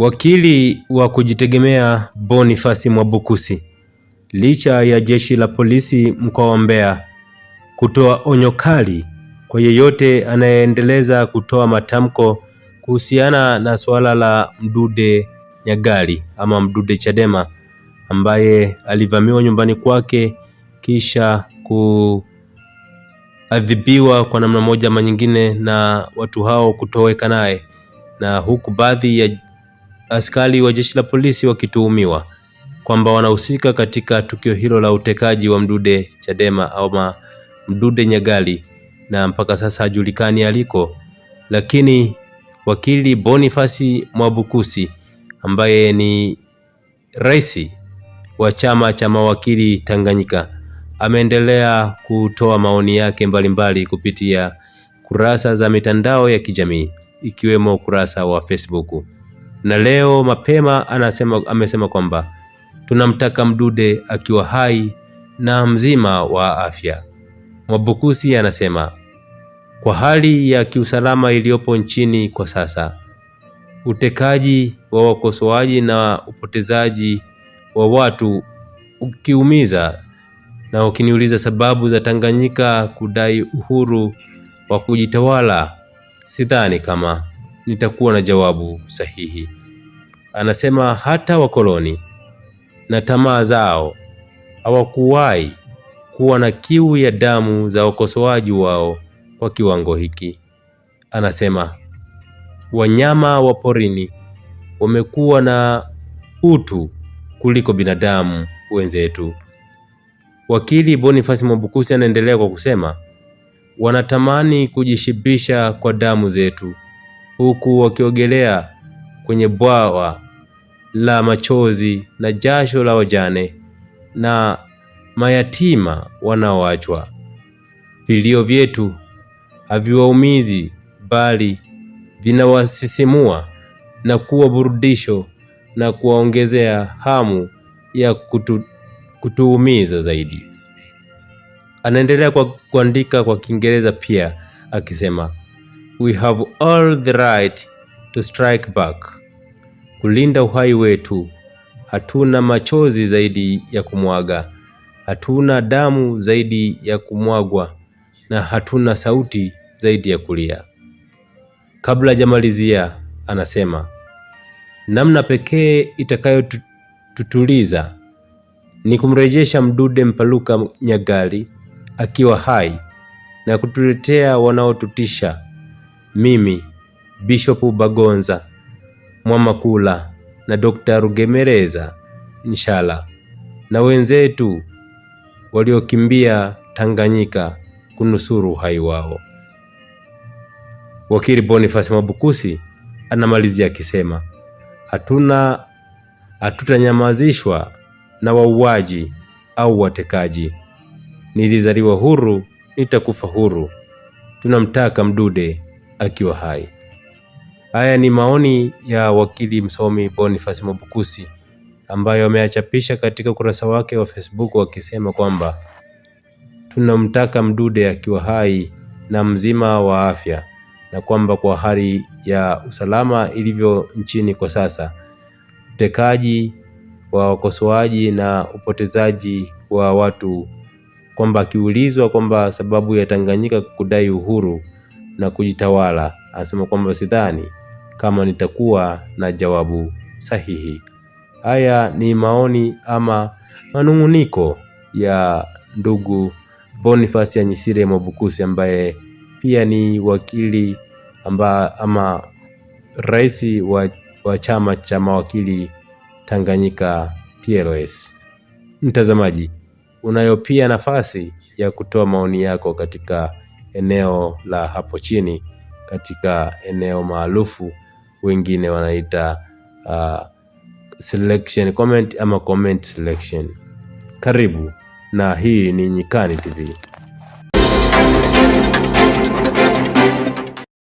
Wakili wa kujitegemea Bonifasi Mwabukusi, licha ya jeshi la polisi mkoa wa Mbeya kutoa onyo kali kwa yeyote anayeendeleza kutoa matamko kuhusiana na suala la Mdude Nyagali ama Mdude Chadema ambaye alivamiwa nyumbani kwake kisha kuadhibiwa kwa namna moja ama nyingine na watu hao kutoweka naye, na huku baadhi ya askari wa jeshi la polisi wakituhumiwa kwamba wanahusika katika tukio hilo la utekaji wa Mdude Chadema ama Mdude Nyagali, na mpaka sasa hajulikani aliko, lakini wakili Bonifasi Mwabukusi ambaye ni rais wa chama cha mawakili Tanganyika ameendelea kutoa maoni yake mbalimbali mbali kupitia kurasa za mitandao ya kijamii ikiwemo kurasa wa Facebook na leo mapema anasema, amesema kwamba tunamtaka Mdude akiwa hai na mzima wa afya. Mwabukusi anasema kwa hali ya kiusalama iliyopo nchini kwa sasa, utekaji wa wakosoaji na upotezaji wa watu ukiumiza na ukiniuliza sababu za Tanganyika kudai uhuru wa kujitawala, sidhani kama nitakuwa na jawabu sahihi. Anasema hata wakoloni na tamaa zao hawakuwahi kuwa na kiu ya damu za wakosoaji wao kwa kiwango hiki. Anasema wanyama wa porini wamekuwa na utu kuliko binadamu wenzetu. Wakili Boniface Mwabukusi anaendelea kwa kusema wanatamani kujishibisha kwa damu zetu, huku wakiogelea kwenye bwawa la machozi na jasho la wajane na mayatima wanaoachwa. Vilio vyetu haviwaumizi bali vinawasisimua na kuwa burudisho na kuwaongezea hamu ya kutu, kutuumiza zaidi. Anaendelea kwa kuandika kwa Kiingereza pia akisema, we have all the right to strike back kulinda uhai wetu. Hatuna machozi zaidi ya kumwaga, hatuna damu zaidi ya kumwagwa, na hatuna sauti zaidi ya kulia. Kabla hajamalizia, anasema namna pekee itakayotutuliza ni kumrejesha Mdude Mpaluka Nyagali akiwa hai na kutuletea wanaotutisha. Mimi Bishop Bagonza Mwamakula na Dr. rugemereza Nshala na wenzetu waliokimbia Tanganyika kunusuru uhai wao. Wakili Boniface Mwabukusi anamalizia akisema, hatuna hatutanyamazishwa na wauaji au watekaji. Nilizaliwa huru, nitakufa huru. Tunamtaka Mdude akiwa hai. Haya ni maoni ya wakili msomi Boniface Mwabukusi ambayo ameyachapisha katika ukurasa wake wa Facebook wakisema kwamba tunamtaka Mdude akiwa hai na mzima wa afya, na kwamba kwa hali ya usalama ilivyo nchini kwa sasa, utekaji wa wakosoaji na upotezaji wa watu, kwamba akiulizwa kwamba sababu ya Tanganyika kudai uhuru na kujitawala, anasema kwamba sidhani kama nitakuwa na jawabu sahihi. Haya ni maoni ama manung'uniko ya ndugu Boniface Anyisire Mwabukusi ambaye pia ni wakili amba, ama rais wa, wa chama cha mawakili Tanganyika TLS. Mtazamaji, unayo pia nafasi ya kutoa maoni yako katika eneo la hapo chini katika eneo maarufu wengine wanaita uh, selection comment ama comment selection. Karibu na hii ni Nyikani TV.